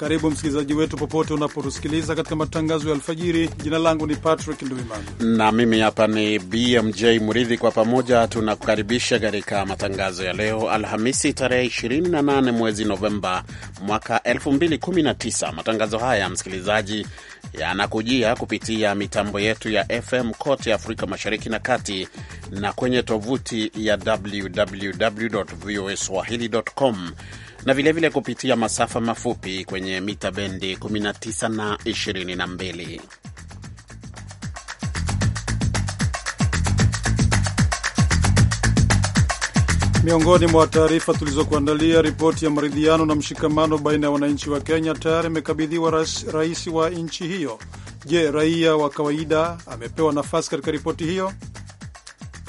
Karibu msikilizaji wetu popote unapotusikiliza katika matangazo ya alfajiri. Jina langu ni Patrick Nduimana na mimi hapa ni BMJ Muridhi. Kwa pamoja tunakukaribisha katika matangazo ya leo Alhamisi, tarehe 28 mwezi Novemba mwaka 2019. Matangazo haya msikilizaji, yanakujia kupitia mitambo yetu ya FM kote Afrika Mashariki na Kati na kwenye tovuti ya www voa swahili.com na vilevile vile kupitia masafa mafupi kwenye mita bendi 19 na 22. Miongoni mwa taarifa tulizokuandalia, ripoti ya maridhiano na mshikamano baina ya wananchi wa Kenya tayari imekabidhiwa rais wa nchi hiyo. Je, raia wa kawaida amepewa nafasi katika ripoti hiyo?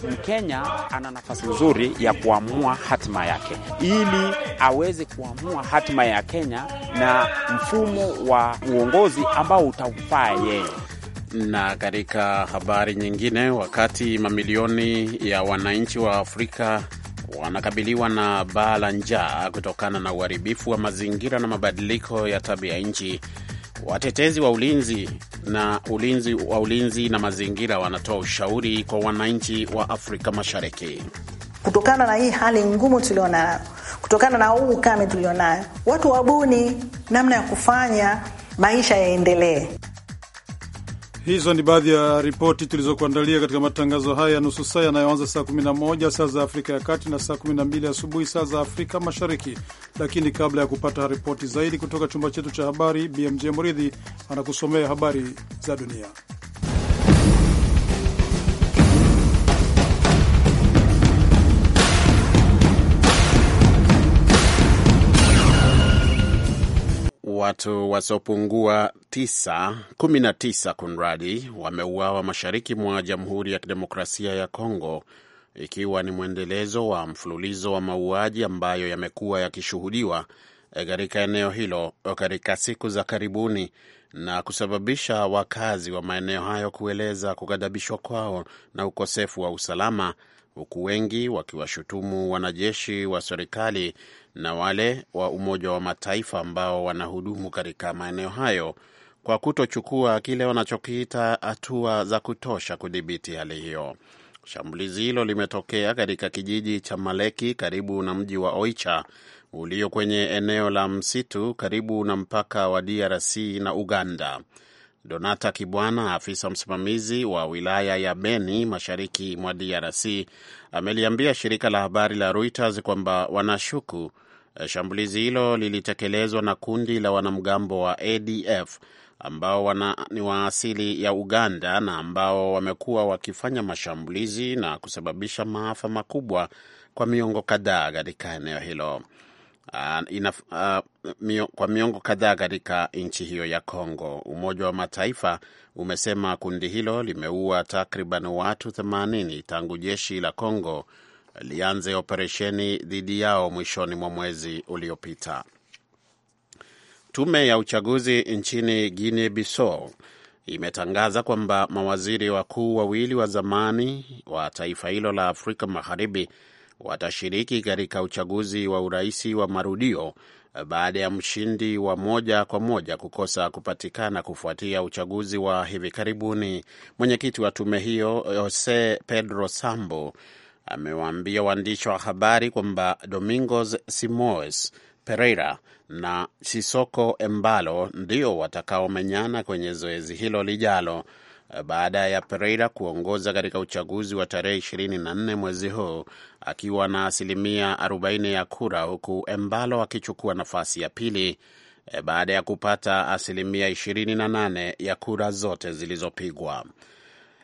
Mkenya ana nafasi nzuri ya kuamua hatima yake, ili aweze kuamua hatima ya Kenya na mfumo wa uongozi ambao utamfaa yeye. Na katika habari nyingine, wakati mamilioni ya wananchi wa Afrika wanakabiliwa na baa la njaa kutokana na uharibifu wa mazingira na mabadiliko ya tabia nchi Watetezi wa ulinzi na ulinzi wa ulinzi na mazingira wanatoa ushauri kwa wananchi wa Afrika Mashariki. Kutokana na hii hali ngumu tulionayo, kutokana na huu ukame tulionayo, watu wabuni namna ya kufanya maisha yaendelee. Hizo ni baadhi ya ripoti tulizokuandalia katika matangazo haya ya nusu saa yanayoanza saa 11 saa za Afrika ya Kati na saa 12 asubuhi saa za Afrika Mashariki. Lakini kabla ya kupata ripoti zaidi kutoka chumba chetu cha habari, BMJ Muridhi anakusomea habari za dunia. watu wasiopungua 19 kunradi wameuawa mashariki mwa Jamhuri ya Kidemokrasia ya congo ikiwa ni mwendelezo wa mfululizo wa mauaji ambayo yamekuwa yakishuhudiwa eh, katika eneo hilo eh, katika siku za karibuni na kusababisha wakazi wa maeneo hayo kueleza kughadhabishwa kwao na ukosefu wa usalama huku wengi wakiwashutumu wanajeshi wa serikali na wale wa Umoja wa Mataifa ambao wanahudumu katika maeneo hayo kwa kutochukua kile wanachokiita hatua za kutosha kudhibiti hali hiyo. Shambulizi hilo limetokea katika kijiji cha Maleki karibu na mji wa Oicha ulio kwenye eneo la msitu karibu na mpaka wa DRC na Uganda. Donata Kibwana, afisa msimamizi wa wilaya ya Beni mashariki mwa DRC, ameliambia shirika la habari la Reuters kwamba wanashuku eh, shambulizi hilo lilitekelezwa na kundi la wanamgambo wa ADF ambao wana, ni wa asili ya Uganda na ambao wamekuwa wakifanya mashambulizi na kusababisha maafa makubwa kwa miongo kadhaa katika eneo hilo. Uh, ina, uh, mio, kwa miongo kadhaa katika nchi hiyo ya congo Umoja wa Mataifa umesema kundi hilo limeua takriban watu 80 tangu jeshi la congo lianze operesheni dhidi yao mwishoni mwa mwezi uliopita. Tume ya uchaguzi nchini Guinea Bissau imetangaza kwamba mawaziri wakuu wawili wa zamani wa taifa hilo la Afrika Magharibi watashiriki katika uchaguzi wa uraisi wa marudio baada ya mshindi wa moja kwa moja kukosa kupatikana kufuatia uchaguzi wa hivi karibuni. Mwenyekiti wa tume hiyo Jose Pedro Sambo amewaambia waandishi wa habari kwamba Domingos Simoes Pereira na Sisoko Embalo ndio watakaomenyana kwenye zoezi hilo lijalo baada ya Pereira kuongoza katika uchaguzi wa tarehe ishirini na nne mwezi huu akiwa na asilimia 40 ya kura, huku Embalo akichukua nafasi ya pili e, baada ya kupata asilimia 28 ya kura zote zilizopigwa.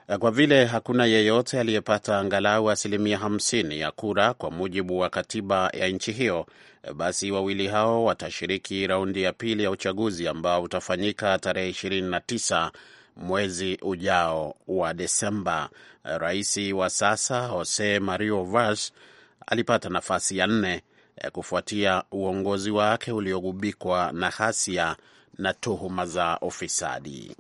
E, kwa vile hakuna yeyote aliyepata angalau asilimia 50 ya kura kwa mujibu wa katiba ya nchi hiyo, e, basi wawili hao watashiriki raundi ya pili ya uchaguzi ambao utafanyika tarehe 29 mwezi ujao wa Desemba. Rais wa sasa Jose Mario Vaz alipata nafasi ya nne eh, kufuatia uongozi wake uliogubikwa na ghasia na tuhuma za ufisadi.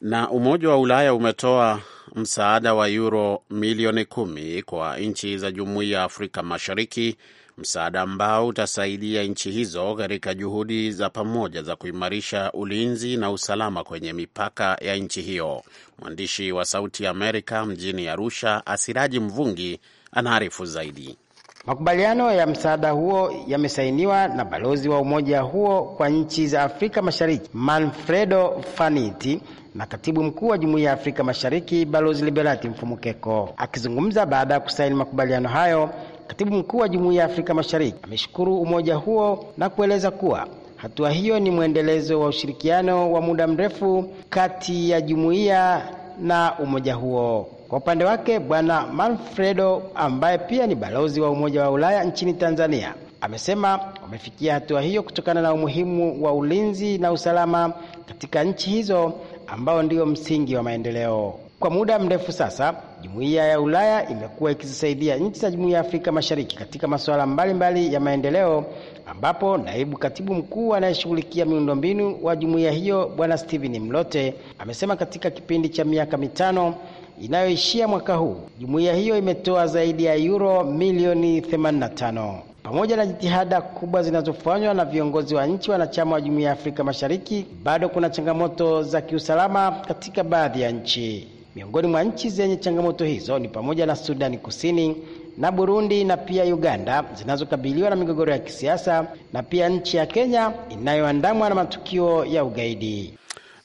Na Umoja wa Ulaya umetoa msaada wa yuro milioni kumi kwa nchi za Jumuiya ya Afrika Mashariki msaada ambao utasaidia nchi hizo katika juhudi za pamoja za kuimarisha ulinzi na usalama kwenye mipaka ya nchi hiyo. Mwandishi wa Sauti ya Amerika mjini Arusha, Asiraji Mvungi, anaarifu zaidi. Makubaliano ya msaada huo yamesainiwa na balozi wa umoja huo kwa nchi za Afrika Mashariki Manfredo Faniti na katibu mkuu wa Jumuiya ya Afrika Mashariki Balozi Liberati Mfumukeko. Akizungumza baada ya kusaini makubaliano hayo, Katibu mkuu wa Jumuiya ya Afrika Mashariki ameshukuru umoja huo na kueleza kuwa hatua hiyo ni mwendelezo wa ushirikiano wa muda mrefu kati ya jumuiya na umoja huo. Kwa upande wake, Bwana Manfredo ambaye pia ni balozi wa Umoja wa Ulaya nchini Tanzania amesema wamefikia hatua hiyo kutokana na umuhimu wa ulinzi na usalama katika nchi hizo ambao ndio msingi wa maendeleo. Kwa muda mrefu sasa Jumuiya ya Ulaya imekuwa ikizisaidia nchi za Jumuiya ya Afrika Mashariki katika masuala mbalimbali ya maendeleo, ambapo naibu katibu mkuu anayeshughulikia miundombinu wa jumuiya hiyo Bwana Steven Mlote amesema katika kipindi cha miaka mitano inayoishia mwaka huu, jumuiya hiyo imetoa zaidi ya euro milioni 85. Pamoja na jitihada kubwa zinazofanywa na viongozi wa nchi wanachama wa Jumuiya ya Afrika Mashariki, bado kuna changamoto za kiusalama katika baadhi ya nchi. Miongoni mwa nchi zenye changamoto hizo ni pamoja na Sudani Kusini na Burundi na pia Uganda zinazokabiliwa na migogoro ya kisiasa na pia nchi ya Kenya inayoandamwa na matukio ya ugaidi.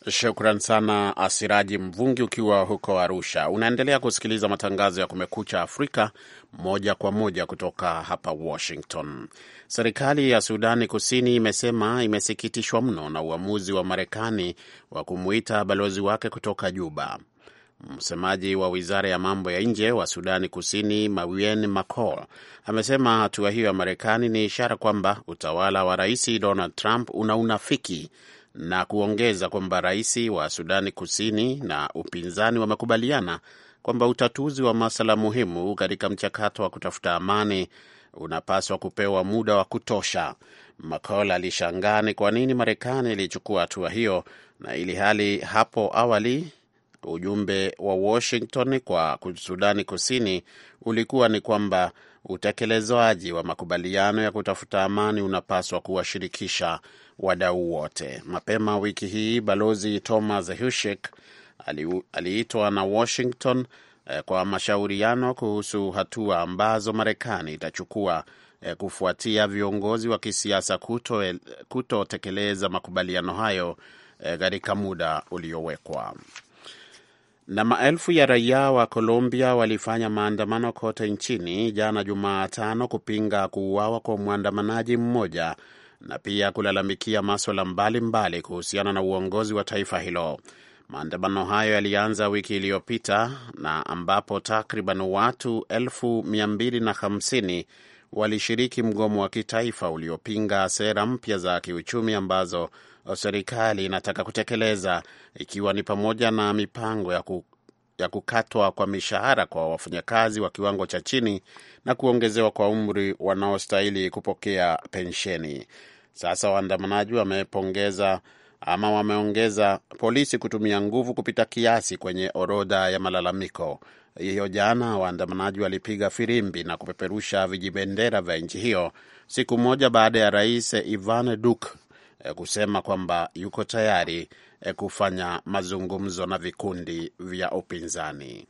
Shukran sana Asiraji Mvungi ukiwa huko Arusha. Unaendelea kusikiliza matangazo ya Kumekucha Afrika moja kwa moja kutoka hapa Washington. Serikali ya Sudani Kusini imesema imesikitishwa mno na uamuzi wa Marekani wa kumuita balozi wake kutoka Juba. Msemaji wa wizara ya mambo ya nje wa Sudani Kusini, Mawien Macol, amesema hatua hiyo ya Marekani ni ishara kwamba utawala wa Rais Donald Trump una unafiki na kuongeza kwamba rais wa Sudani Kusini na upinzani wamekubaliana kwamba utatuzi wa masuala muhimu katika mchakato wa kutafuta amani unapaswa kupewa muda wa kutosha. Macol alishangaa ni kwa nini Marekani ilichukua hatua hiyo na ili hali hapo awali Ujumbe wa Washington kwa Sudani Kusini ulikuwa ni kwamba utekelezaji wa makubaliano ya kutafuta amani unapaswa kuwashirikisha wadau wote. Mapema wiki hii Balozi Thomas Hushek aliitwa na Washington eh, kwa mashauriano kuhusu hatua ambazo Marekani itachukua eh, kufuatia viongozi wa kisiasa eh, kutotekeleza kuto makubaliano hayo katika muda uliowekwa. Na maelfu ya raia wa Colombia walifanya maandamano kote nchini jana Jumatano kupinga kuuawa kwa mwandamanaji mmoja na pia kulalamikia maswala mbalimbali kuhusiana na uongozi wa taifa hilo. Maandamano hayo yalianza wiki iliyopita na ambapo takriban watu elfu mia mbili na hamsini walishiriki mgomo wa kitaifa uliopinga sera mpya za kiuchumi ambazo Uh, serikali inataka kutekeleza, ikiwa ni pamoja na mipango ya ku ya kukatwa kwa mishahara kwa wafanyakazi wa kiwango cha chini na kuongezewa kwa umri wanaostahili kupokea pensheni. Sasa waandamanaji wamepongeza ama wameongeza polisi kutumia nguvu kupita kiasi kwenye orodha ya malalamiko hiyo. Jana waandamanaji walipiga firimbi na kupeperusha vijibendera vya nchi hiyo siku moja baada ya rais Ivan Duque Eh, kusema kwamba yuko tayari eh, kufanya mazungumzo na vikundi vya upinzani.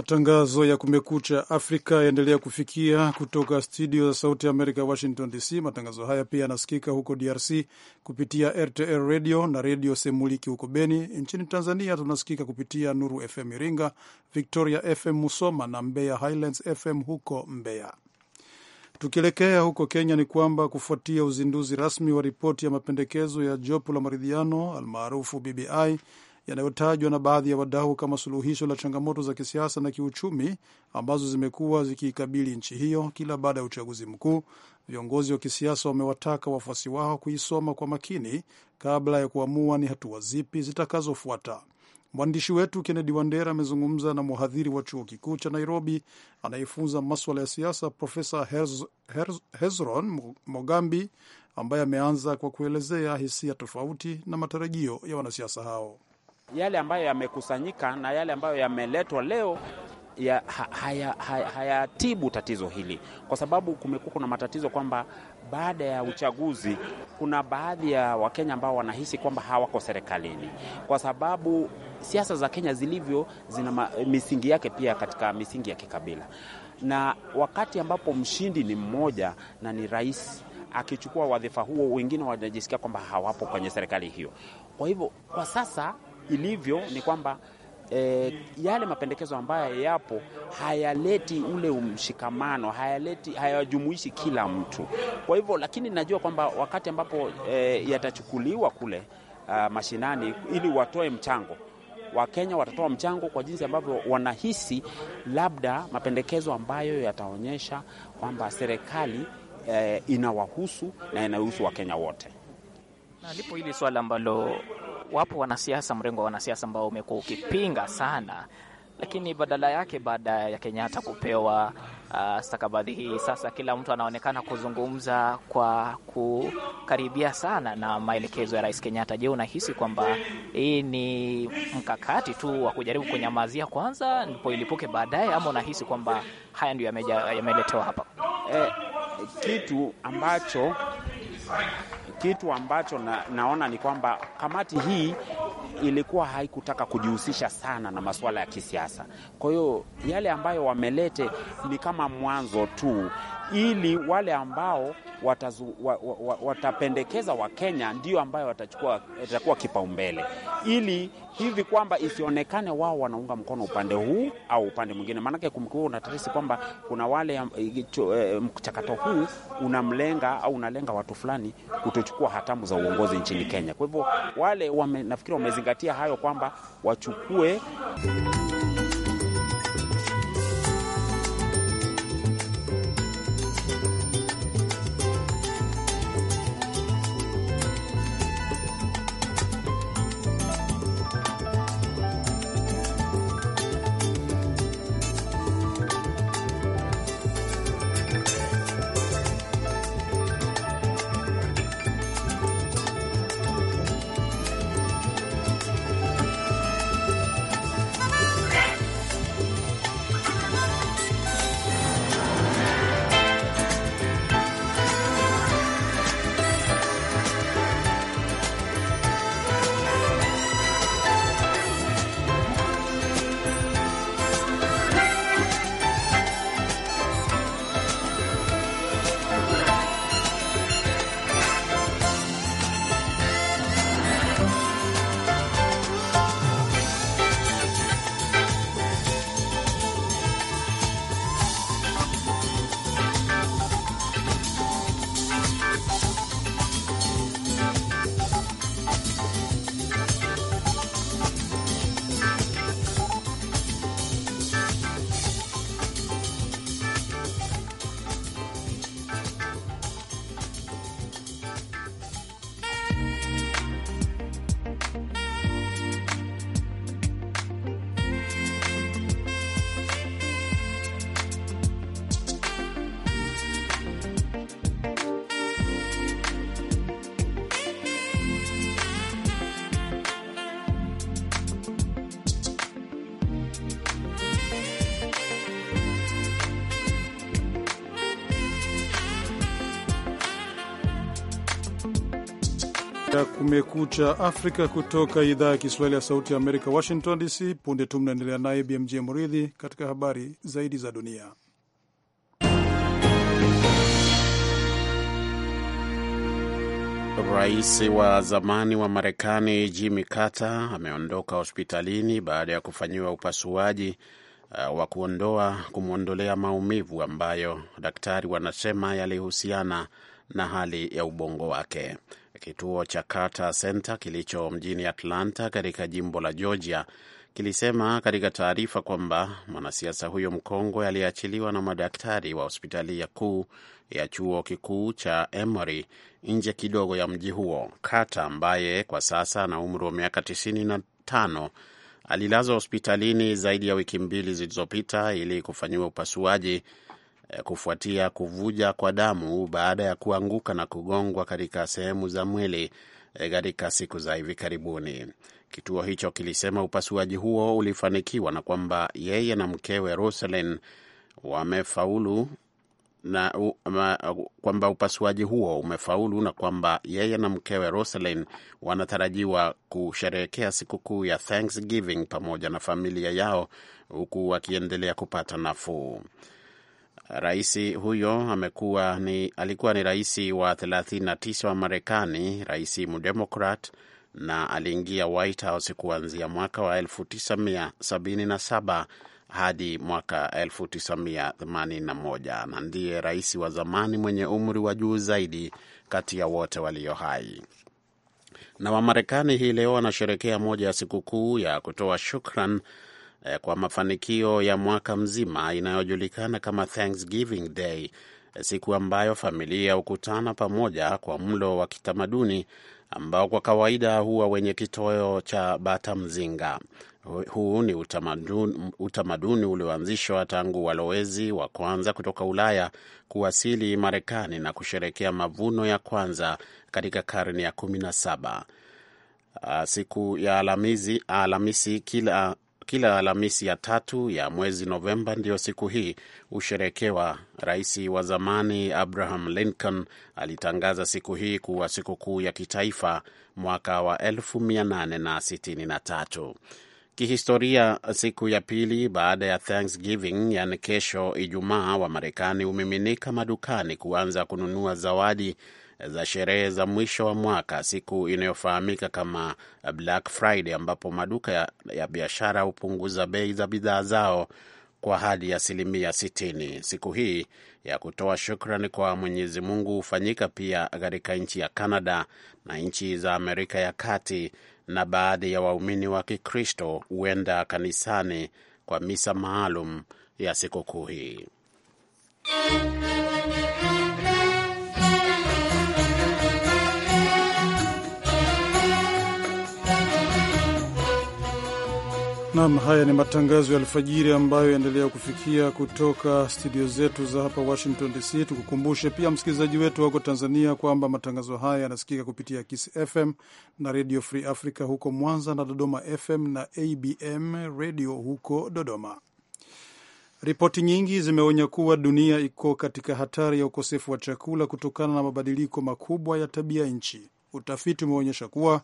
Matangazo ya Kumekucha Afrika yaendelea kufikia kutoka studio za Sauti ya Amerika, Washington DC. Matangazo haya pia yanasikika huko DRC kupitia RTL Radio na Redio Semuliki huko Beni. Nchini Tanzania tunasikika kupitia Nuru FM Iringa, Victoria FM Musoma na Mbeya Highlands FM huko Mbeya. Tukielekea huko Kenya ni kwamba kufuatia uzinduzi rasmi wa ripoti ya mapendekezo ya jopo la maridhiano almaarufu BBI yanayotajwa na baadhi ya wadau kama suluhisho la changamoto za kisiasa na kiuchumi ambazo zimekuwa zikiikabili nchi hiyo kila baada ya uchaguzi mkuu. Viongozi wa kisiasa wamewataka wafuasi wao kuisoma kwa makini kabla ya kuamua ni hatua zipi zitakazofuata. Mwandishi wetu Kennedy Wandera amezungumza na mhadhiri wa chuo kikuu cha Nairobi anayefunza maswala ya siasa Profesa Herz, Herz, Hezron Mogambi ambaye ameanza kwa kuelezea hisia tofauti na matarajio ya wanasiasa hao yale ambayo yamekusanyika na yale ambayo yameletwa leo ya, hayatibu haya, haya tatizo hili, kwa sababu kumekuwa kuna matatizo kwamba baada ya uchaguzi kuna baadhi ya Wakenya ambao wanahisi kwamba hawako serikalini, kwa sababu siasa za Kenya zilivyo zina misingi yake pia katika misingi ya kikabila, na wakati ambapo mshindi ni mmoja na ni rais akichukua wadhifa huo, wengine wanajisikia kwamba hawapo kwenye serikali hiyo. Kwa hivyo kwa sasa ilivyo ni kwamba E, yale mapendekezo ambayo yapo hayaleti ule mshikamano, hayaleti, hayajumuishi kila mtu. Kwa hivyo lakini najua kwamba wakati ambapo e, yatachukuliwa kule a, ah, mashinani ili watoe mchango, Wakenya watatoa mchango kwa jinsi ambavyo wanahisi labda mapendekezo ambayo yataonyesha kwamba serikali e, inawahusu na inahusu Wakenya wote. Na lipo hili swala ambalo wapo wanasiasa, mrengo wa wanasiasa ambao umekuwa ukipinga sana, lakini badala yake, baada ya Kenyatta kupewa uh, stakabadhi hii, sasa kila mtu anaonekana kuzungumza kwa kukaribia sana na maelekezo ya Rais Kenyatta. Je, unahisi kwamba hii ni mkakati tu wa kujaribu kunyamazia kwanza ndipo ilipuke baadaye, ama unahisi kwamba haya ndio yameletewa hapa? Eh, kitu ambacho kitu ambacho na, naona ni kwamba kamati hii ilikuwa haikutaka kujihusisha sana na masuala ya kisiasa. Kwa hiyo yale ambayo wamelete ni kama mwanzo tu, ili wale ambao watazu, wa, wa, wa, watapendekeza Wakenya ndio ambayo watachukua itakuwa kipaumbele, ili hivi kwamba isionekane wao wanaunga mkono upande huu au upande mwingine, maanake kumekuwa unatarisi kwamba kuna wale eh, eh, mchakato huu unamlenga au unalenga watu fulani kutochukua hatamu za uongozi nchini Kenya. Kwa hivyo wale wame, nafikiri wamezingatia kuzingatia hayo kwamba wachukue ya Kumekucha Afrika kutoka idhaa ya Kiswahili ya Sauti ya Amerika, Washington DC. Punde tu mnaendelea naye BMJ Muridhi katika habari zaidi za dunia. Rais wa zamani wa Marekani Jimmy Carter ameondoka hospitalini baada ya kufanyiwa upasuaji uh, wa kuondoa kumwondolea maumivu ambayo daktari wanasema yalihusiana na hali ya ubongo wake. Kituo cha Carter Center kilicho mjini Atlanta katika jimbo la Georgia kilisema katika taarifa kwamba mwanasiasa huyo mkongwe aliyeachiliwa na madaktari wa hospitali ya kuu ya chuo kikuu cha Emory nje kidogo ya mji huo. Carter ambaye kwa sasa ana umri wa miaka 95 alilazwa hospitalini zaidi ya wiki mbili zilizopita ili kufanyiwa upasuaji Eh, kufuatia kuvuja kwa damu baada ya kuanguka na kugongwa katika sehemu za mwili eh, katika siku za hivi karibuni. Kituo hicho kilisema upasuaji huo ulifanikiwa na kwamba yeye na mkewe Roselyn wamefaulu na kwamba upasuaji huo umefaulu na kwamba yeye na mkewe Roselyn wanatarajiwa kusherehekea sikukuu ya Thanksgiving pamoja na familia yao huku wakiendelea kupata nafuu. Rais huyo amekuwa ni, alikuwa ni rais wa 39 wa Marekani, rais mdemokrat na aliingia White House kuanzia mwaka wa 1977 hadi mwaka 1981 na ndiye rais wa zamani mwenye umri wa juu zaidi kati ya wote walio hai. Na Wamarekani hii leo wanasherekea moja ya sikukuu ya kutoa shukran Eh, kwa mafanikio ya mwaka mzima inayojulikana kama Thanksgiving Day, eh, siku ambayo familia hukutana pamoja kwa mlo wa kitamaduni ambao kwa kawaida huwa wenye kitoweo cha bata mzinga. Huu ni utamaduni, utamaduni ulioanzishwa tangu walowezi wa kwanza kutoka Ulaya kuwasili Marekani na kusherekea mavuno ya kwanza katika karne ya kumi na saba. Ah, siku ya Alhamisi kila kila Alhamisi ya tatu ya mwezi Novemba ndiyo siku hii husherekewa. Rais wa zamani Abraham Lincoln alitangaza siku hii kuwa sikukuu ya kitaifa mwaka wa 1863. Kihistoria, siku ya pili baada ya Thanksgiving, yani kesho Ijumaa, wa Marekani humiminika madukani kuanza kununua zawadi za sherehe za mwisho wa mwaka, siku inayofahamika kama Black Friday, ambapo maduka ya, ya biashara hupunguza bei za bidhaa zao kwa hadi asilimia 60. Siku hii ya kutoa shukrani kwa Mwenyezi Mungu hufanyika pia katika nchi ya canada na nchi za Amerika ya Kati, na baadhi ya waumini wa Kikristo huenda kanisani kwa misa maalum ya sikukuu hii. Nam, haya ni matangazo ya alfajiri ambayo yaendelea kufikia kutoka studio zetu za hapa Washington DC. Tukukumbushe pia msikilizaji wetu wako Tanzania kwamba matangazo haya yanasikika kupitia Kiss FM na Radio Free Africa huko Mwanza na Dodoma FM na ABM Radio huko Dodoma. Ripoti nyingi zimeonya kuwa dunia iko katika hatari ya ukosefu wa chakula kutokana na mabadiliko makubwa ya tabia nchi. Utafiti umeonyesha kuwa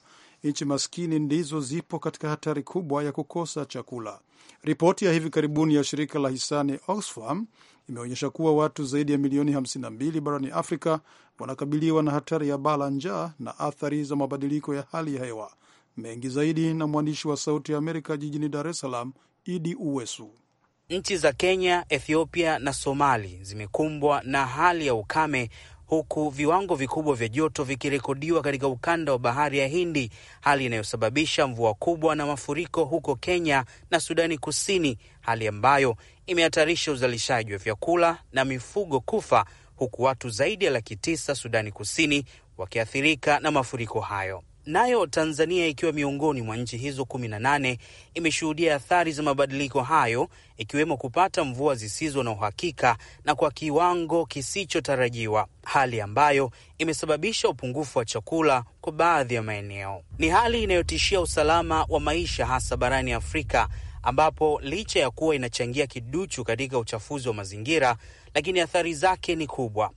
nchi maskini ndizo zipo katika hatari kubwa ya kukosa chakula. Ripoti ya hivi karibuni ya shirika la hisani Oxfam imeonyesha kuwa watu zaidi ya milioni 52 barani Afrika wanakabiliwa na hatari ya baa la njaa na athari za mabadiliko ya hali ya hewa. Mengi zaidi na mwandishi wa Sauti ya Amerika jijini Dar es Salaam, Idi Uwesu. Nchi za Kenya, Ethiopia na Somali zimekumbwa na hali ya ukame huku viwango vikubwa vya joto vikirekodiwa katika ukanda wa bahari ya Hindi, hali inayosababisha mvua kubwa na mafuriko huko Kenya na Sudani Kusini, hali ambayo imehatarisha uzalishaji wa vyakula na mifugo kufa, huku watu zaidi ya laki tisa Sudani Kusini wakiathirika na mafuriko hayo. Nayo Tanzania ikiwa miongoni mwa nchi hizo kumi na nane imeshuhudia athari za mabadiliko hayo ikiwemo kupata mvua zisizo na uhakika na kwa kiwango kisichotarajiwa, hali ambayo imesababisha upungufu wa chakula kwa baadhi ya maeneo. Ni hali inayotishia usalama wa maisha hasa barani Afrika ambapo licha ya kuwa inachangia kiduchu katika uchafuzi wa mazingira, lakini athari zake ni kubwa.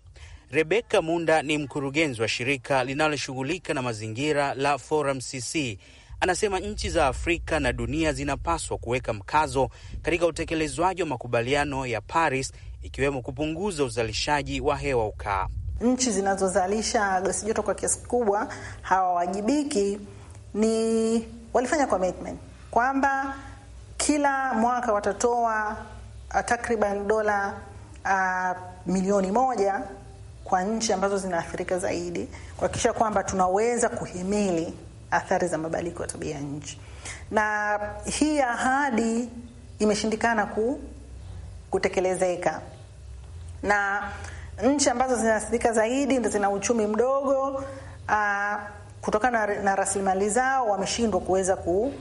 Rebeka Munda ni mkurugenzi wa shirika linaloshughulika na mazingira la Forum CC. Anasema nchi za Afrika na dunia zinapaswa kuweka mkazo katika utekelezwaji wa makubaliano ya Paris, ikiwemo kupunguza uzalishaji wa hewa ukaa. Nchi zinazozalisha gesi joto kwa kiasi kikubwa hawawajibiki, ni walifanya commitment kwamba kila mwaka watatoa uh, takriban dola uh, milioni moja kwa nchi ambazo zinaathirika zaidi, kuhakikisha kwamba tunaweza kuhimili athari za mabadiliko ya tabia ya nchi, na hii ahadi imeshindikana ku, kutekelezeka na nchi ambazo zinaathirika zaidi ndo zina uchumi mdogo, ah, kutokana na, na rasilimali zao wameshindwa kuweza ku,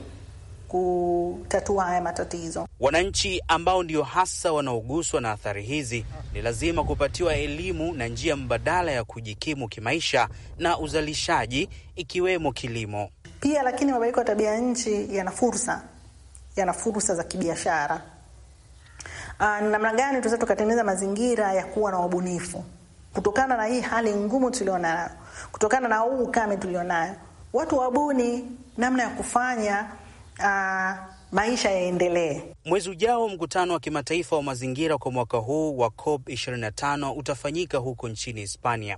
kutatua haya matatizo. Wananchi ambao ndio hasa wanaoguswa na athari hizi ni lazima kupatiwa elimu na njia mbadala ya kujikimu kimaisha na uzalishaji, ikiwemo kilimo pia. Lakini mabadiliko ya tabia ya nchi yana fursa, yana fursa za kibiashara. Ah, namna gani tunaweza tukatengeneza mazingira ya kuwa na wabunifu kutokana na hii hali ngumu tulionayo, kutokana na huu ukame tulionayo, watu wabuni namna ya kufanya uh, maisha yaendelee. Mwezi ujao mkutano wa kimataifa wa mazingira kwa mwaka huu wa COP 25 utafanyika huko nchini Hispania.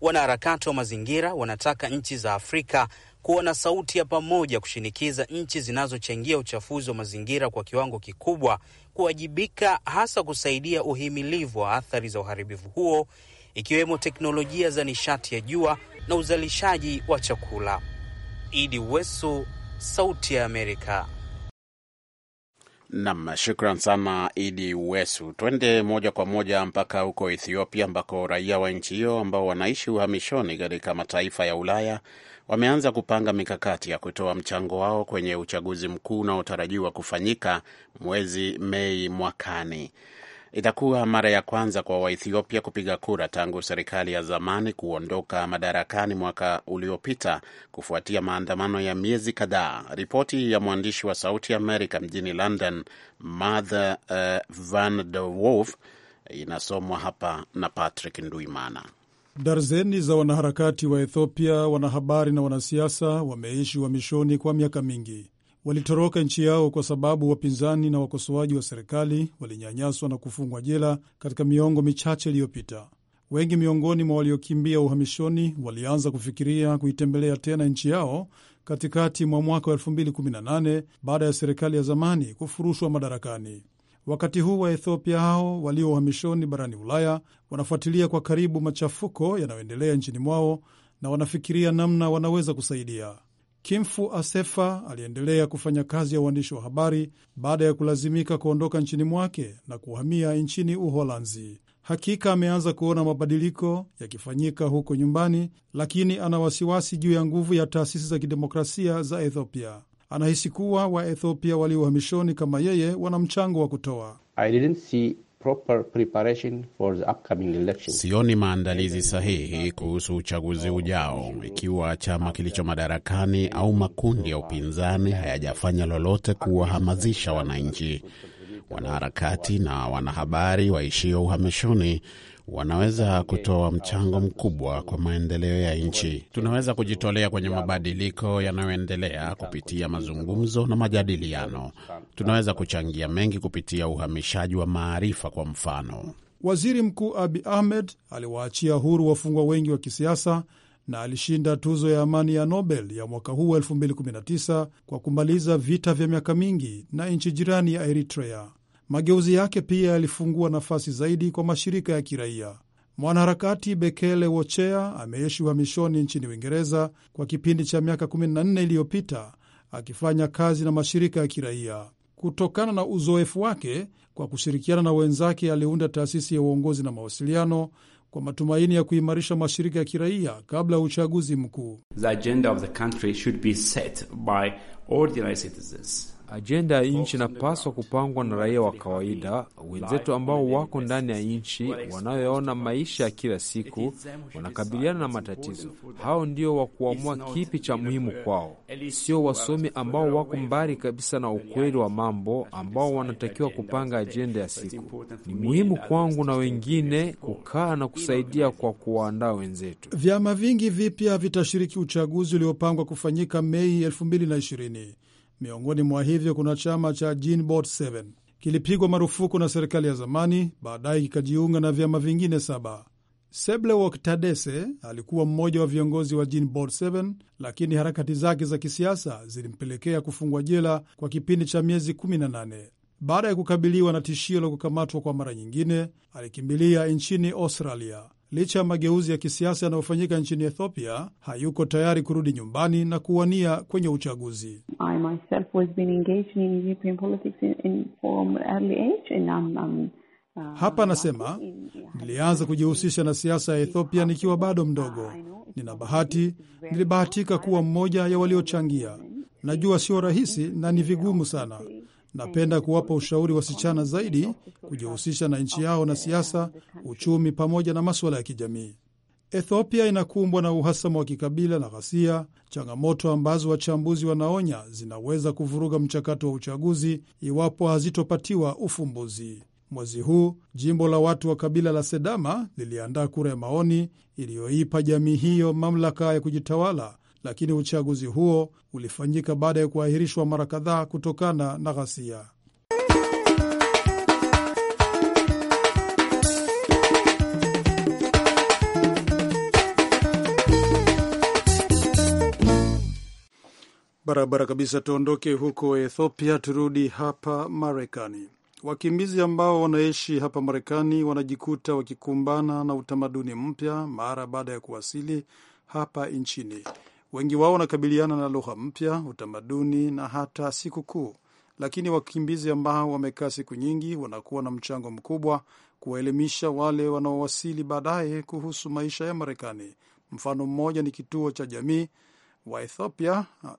Wanaharakati wa mazingira wanataka nchi za Afrika kuwa na sauti ya pamoja kushinikiza nchi zinazochangia uchafuzi wa mazingira kwa kiwango kikubwa kuwajibika, hasa kusaidia uhimilivu wa athari za uharibifu huo, ikiwemo teknolojia za nishati ya jua na uzalishaji wa chakula. Idi Wesu, Sauti ya Amerika. Nam, shukran sana Idi Wesu. Twende moja kwa moja mpaka huko Ethiopia, ambako raia wa nchi hiyo ambao wanaishi uhamishoni katika mataifa ya Ulaya wameanza kupanga mikakati ya kutoa mchango wao kwenye uchaguzi mkuu unaotarajiwa kufanyika mwezi Mei mwakani. Itakuwa mara ya kwanza kwa Waethiopia kupiga kura tangu serikali ya zamani kuondoka madarakani mwaka uliopita kufuatia maandamano ya miezi kadhaa. Ripoti ya mwandishi wa Sauti Amerika mjini London, Martha uh, Van der Wolf inasomwa hapa na Patrick Nduimana. Darzeni za wanaharakati wa Ethiopia, wanahabari na wanasiasa wameishi uhamishoni kwa miaka mingi walitoroka nchi yao kwa sababu wapinzani na wakosoaji wa serikali walinyanyaswa na kufungwa jela katika miongo michache iliyopita. Wengi miongoni mwa waliokimbia uhamishoni walianza kufikiria kuitembelea tena nchi yao katikati mwa mwaka wa 2018 baada ya serikali ya zamani kufurushwa madarakani. Wakati huu wa Ethiopia hao walio uhamishoni barani Ulaya wanafuatilia kwa karibu machafuko yanayoendelea nchini mwao na wanafikiria namna wanaweza kusaidia. Kimfu Asefa aliendelea kufanya kazi ya uandishi wa habari baada ya kulazimika kuondoka nchini mwake na kuhamia nchini Uholanzi. Hakika ameanza kuona mabadiliko yakifanyika huko nyumbani, lakini ana wasiwasi juu ya nguvu ya taasisi za kidemokrasia za Ethiopia. Anahisi kuwa Waethiopia walio uhamishoni kama yeye wana mchango wa kutoa. I didn't see proper preparation for the upcoming election. Sioni maandalizi sahihi kuhusu uchaguzi ujao, ikiwa chama kilicho madarakani au makundi ya upinzani hayajafanya lolote kuwahamasisha wananchi, wanaharakati na wanahabari waishio uhamishoni wanaweza kutoa mchango mkubwa kwa maendeleo ya nchi. Tunaweza kujitolea kwenye mabadiliko yanayoendelea kupitia mazungumzo na majadiliano. Tunaweza kuchangia mengi kupitia uhamishaji wa maarifa. Kwa mfano, Waziri Mkuu Abi Ahmed aliwaachia huru wafungwa wengi wa kisiasa na alishinda tuzo ya amani ya Nobel ya mwaka huu 2019 kwa kumaliza vita vya miaka mingi na nchi jirani ya Eritrea. Mageuzi yake pia yalifungua nafasi zaidi kwa mashirika ya kiraia. Mwanaharakati Bekele Wochea ameishi uhamishoni nchini Uingereza kwa kipindi cha miaka 14 iliyopita akifanya kazi na mashirika ya kiraia. Kutokana na uzoefu wake, kwa kushirikiana na wenzake, aliunda taasisi ya uongozi na mawasiliano kwa matumaini ya kuimarisha mashirika ya kiraia kabla ya uchaguzi mkuu. The agenda of the country should be set by ordinary citizens Ajenda ya nchi inapaswa kupangwa na raia wa kawaida wenzetu, ambao wako ndani ya nchi, wanayoona maisha ya kila siku, wanakabiliana na matatizo. Hao ndio wa kuamua kipi cha muhimu uh, kwao, sio wasomi ambao wako mbali kabisa na ukweli wa mambo, ambao wanatakiwa kupanga ajenda ya siku. Ni muhimu kwangu na wengine kukaa na kusaidia kwa kuwaandaa wenzetu. Vyama vingi vipya vitashiriki uchaguzi uliopangwa kufanyika Mei 2020. Miongoni mwa hivyo kuna chama cha Jinbot 7 kilipigwa marufuku na serikali ya zamani, baadaye kikajiunga na vyama vingine saba. Seblewok tadese alikuwa mmoja wa viongozi wa Jinbot 7, lakini harakati zake za kisiasa zilimpelekea kufungwa jela kwa kipindi cha miezi 18. Baada ya kukabiliwa na tishio la kukamatwa kwa mara nyingine, alikimbilia nchini Australia licha ya mageuzi ya kisiasa yanayofanyika nchini Ethiopia, hayuko tayari kurudi nyumbani na kuwania kwenye uchaguzi. Uh, Hapa anasema nilianza kujihusisha na siasa ya Ethiopia nikiwa bado mdogo. Nina bahati, nilibahatika kuwa mmoja ya waliochangia. Najua sio rahisi na ni vigumu sana, Napenda kuwapa ushauri wasichana zaidi kujihusisha na nchi yao na siasa, uchumi pamoja na maswala ya kijamii. Ethiopia inakumbwa na uhasama wa kikabila na ghasia, changamoto ambazo wachambuzi wanaonya zinaweza kuvuruga mchakato wa uchaguzi iwapo hazitopatiwa ufumbuzi. Mwezi huu jimbo la watu wa kabila la Sedama liliandaa kura ya maoni iliyoipa jamii hiyo mamlaka ya kujitawala lakini uchaguzi huo ulifanyika baada ya kuahirishwa mara kadhaa kutokana na ghasia. Barabara kabisa. Tuondoke huko Ethiopia, turudi hapa Marekani. Wakimbizi ambao wanaishi hapa Marekani wanajikuta wakikumbana na utamaduni mpya mara baada ya kuwasili hapa nchini. Wengi wao wanakabiliana na lugha mpya, utamaduni na hata sikukuu, lakini wakimbizi ambao wamekaa siku nyingi wanakuwa na mchango mkubwa kuwaelimisha wale wanaowasili baadaye kuhusu maisha ya Marekani. Mfano mmoja ni kituo cha jamii wa Ethiopia, uh,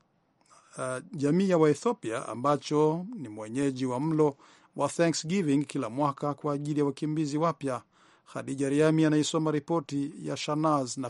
uh jamii ya Waethiopia ambacho ni mwenyeji wa mlo wa Thanksgiving kila mwaka kwa ajili ya wakimbizi wapya. Khadija Riami anaisoma ripoti ya Shanaz na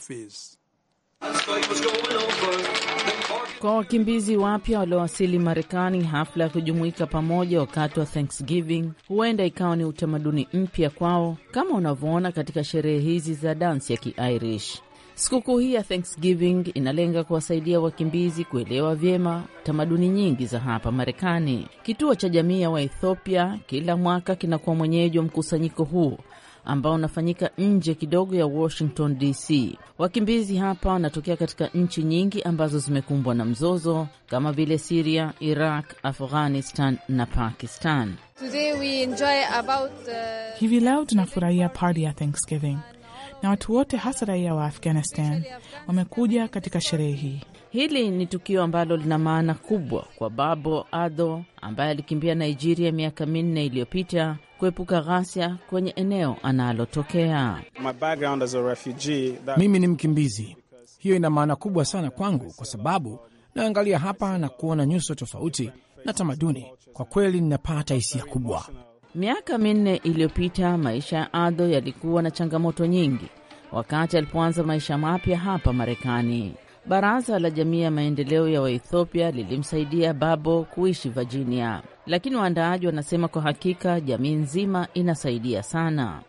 kwa wakimbizi wapya waliowasili Marekani, hafla ya kujumuika pamoja wakati wa Thanksgiving huenda ikawa ni utamaduni mpya kwao, kama unavyoona katika sherehe hizi za dansi ya Kiirish. Sikukuu hii ya Thanksgiving inalenga kuwasaidia wakimbizi kuelewa vyema tamaduni nyingi za hapa Marekani. Kituo cha jamii ya Waethiopia kila mwaka kinakuwa mwenyeji wa mkusanyiko huu, ambao unafanyika nje kidogo ya Washington DC. Wakimbizi hapa wanatokea katika nchi nyingi ambazo zimekumbwa na mzozo kama vile Siria, Iraq, Afghanistan na Pakistan. Today we enjoy about, uh... hivi leo tunafurahia party ya Thanksgiving na watu wote hasa raia wa Afghanistan wamekuja katika sherehe hii. Hili ni tukio ambalo lina maana kubwa kwa Babo Ado ambaye alikimbia Nigeria miaka minne iliyopita kuepuka ghasia kwenye eneo analotokea. Mimi ni mkimbizi, hiyo ina maana kubwa sana kwangu kwa sababu naangalia hapa na kuona nyuso tofauti na tamaduni. Kwa kweli ninapata hisia kubwa. Miaka minne iliyopita, maisha ya Adho yalikuwa na changamoto nyingi wakati alipoanza maisha mapya hapa Marekani. Baraza la Jamii ya Maendeleo ya Waethiopia lilimsaidia Babo kuishi Virginia, lakini waandaaji wanasema kwa hakika jamii nzima inasaidia sana.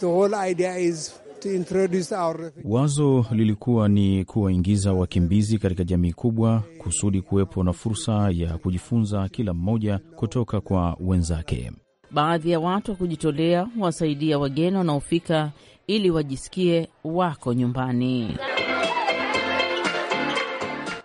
The whole idea is to introduce our... wazo lilikuwa ni kuwaingiza wakimbizi katika jamii kubwa kusudi kuwepo na fursa ya kujifunza kila mmoja kutoka kwa wenzake. Baadhi ya watu wa kujitolea huwasaidia wageni wanaofika ili wajisikie wako nyumbani.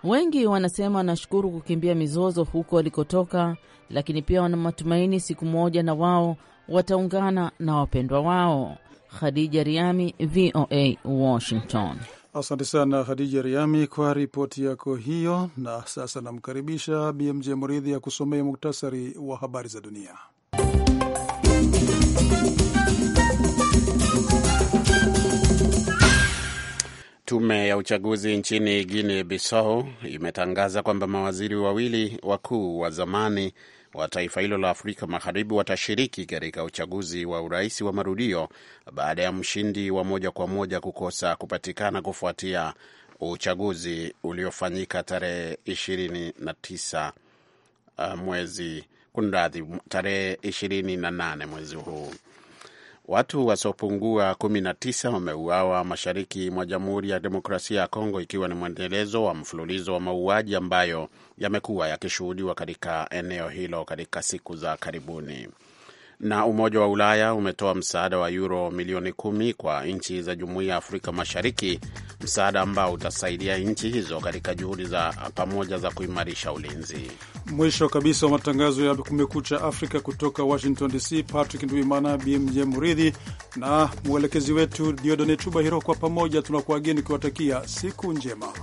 Wengi wanasema wanashukuru kukimbia mizozo huko walikotoka, lakini pia wana matumaini siku moja na wao wataungana na wapendwa wao. Khadija Riami, VOA Washington. Asante sana Khadija Riami kwa ripoti yako hiyo. Na sasa namkaribisha BMJ Muridhi ya kusomea muktasari wa habari za dunia. Tume ya uchaguzi nchini Guinea Bissau imetangaza kwamba mawaziri wawili wakuu wa zamani wa taifa hilo la Afrika Magharibi watashiriki katika uchaguzi wa urais wa marudio baada ya mshindi wa moja kwa moja kukosa kupatikana kufuatia uchaguzi uliofanyika tarehe 29 uh, mwezi kunradhi, tarehe 28 mwezi huu. Watu wasiopungua 19 wameuawa mashariki mwa Jamhuri ya Demokrasia ya Kongo, ikiwa ni mwendelezo wa mfululizo wa mauaji ambayo yamekuwa yakishuhudiwa katika eneo hilo katika siku za karibuni. Na Umoja wa Ulaya umetoa msaada wa yuro milioni kumi kwa nchi za Jumuiya ya Afrika Mashariki, msaada ambao utasaidia nchi hizo katika juhudi za pamoja za kuimarisha ulinzi. Mwisho kabisa wa matangazo ya Kumekucha Afrika kutoka Washington DC, Patrick Nduimana, BMJ Muridhi na mwelekezi wetu Diodone Chuba Hiro, kwa pamoja tunakuageni kiwatakia siku njema.